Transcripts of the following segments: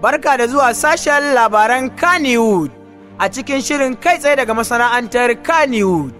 Barka da zuwa sashen labaran Kannywood a cikin shirin kai tsaye daga masana'antar Kannywood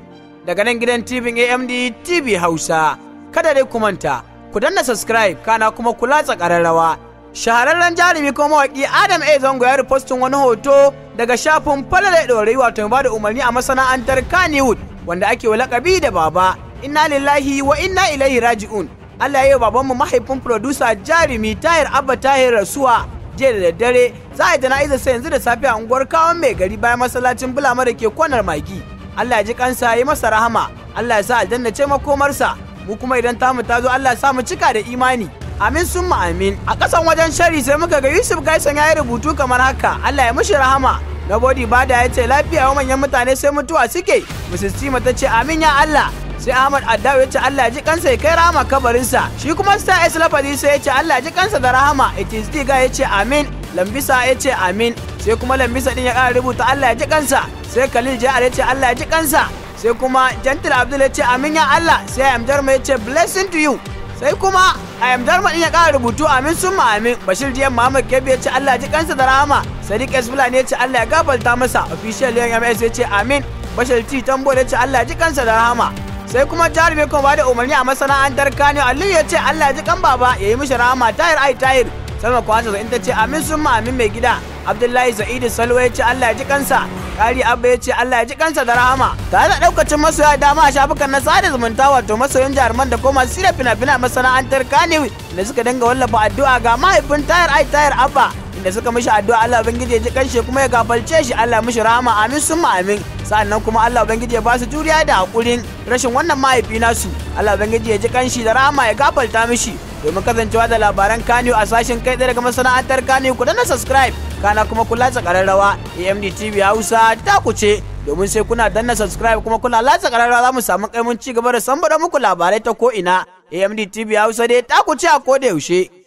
daga nan gidan TV AMD TV Hausa. Kada dai ku manta, ku danna subscribe kana kuma kula ƙararrawa. Shahararren jarumi kuma mawaƙi Adam A. Zango ya ripostin wani hoto daga shafin falalai ɗorai wato ba da umarni a masana'antar Kannywood wanda ake wa lakabi da baba. Inna lillahi wa inna ilaihi raji'un. Allah ya yi wa babanmu mahaifin furodusa jarumi Tahir Abba Tahir Rasuwa. jiya da daddare za a yi jana'izar sa yanzu da safe a unguwar kawon mai gari bayan masallacin bulama da ke kwanar magi Allah ya ji kansa yi masa rahama Allah ya sa aljanna ce makomarsa mu kuma idan tamu ta zo Allah ya sa mu cika da imani amin sun amin a kasan wajen shari sai muka ga Yusuf Gaisan ya yi rubutu kamar haka Allah ya mushi rahama na bodi bada ya ce lafiya wa manyan mutane sai mutuwa suke Mrs. Tima ta ce amin ya Allah sai ahmad addawa ya ce allah ji kansa ya kai rahama kabarinsa shi kuma star s lafazi sai ya ce allah ji kansa da rahama it is diga ya ce amin lambisa ya ce amin sai kuma lambisa din ya kara rubuta allah ya ji kansa sai khalil jihar ya ce allah ji kansa sai kuma gentle abdul ya ce amin ya allah sai amjar mai ya ce blessing to you sai kuma a Darma din ya ƙara rubutu amin sun ma amin bashir Diyan muhammad kebe ya ce allah ji kansa da rahama sadiq Esbula ne ya ce allah ya gabalta masa official yan ms ya ce amin bashir t tambo ya ce allah ji kansa da rahama sai kuma jarumi kuma ba da umarni a masana'antar kano aliyu ya ce allah ya ji kan baba ya yi mishi rahama tahir ai tahir salma kwanza in ta ce amin sun ma amin mai gida abdullahi sa'idu salwa ya ce allah ya ji kansa kari abba ya ce allah ya ji kansa da rahama tare da daukacin masoya dama a shafukan na sada zumunta wato masoyan jaruman da masu sirri fina-fina masana'antar kano da suka dinga wallafa addu'a ga mahaifin tayar ai tayar abba inda suka mishi addu'a allah ubangiji ya ji kanshi kuma ya gafalce shi allah mishi rahama amin sun ma amin sa'annan kuma Allah ubangiji ya ba su juriya da hakurin rashin wannan mahaifi nasu Allah ubangiji ya ji kanshi da rahama ya gafalta mishi domin kasancewa da labaran kaniyo a sashen kai daga masana'antar kaniyo ku dana subscribe kana kuma kula kararrawa AMD TV Hausa ta kuce domin sai kuna danna subscribe kuma kula latsa kararra za mu samu kaimun ci gaba da sambara muku labarai ta ko ina AMD TV Hausa dai ta kuce ce a koda yaushe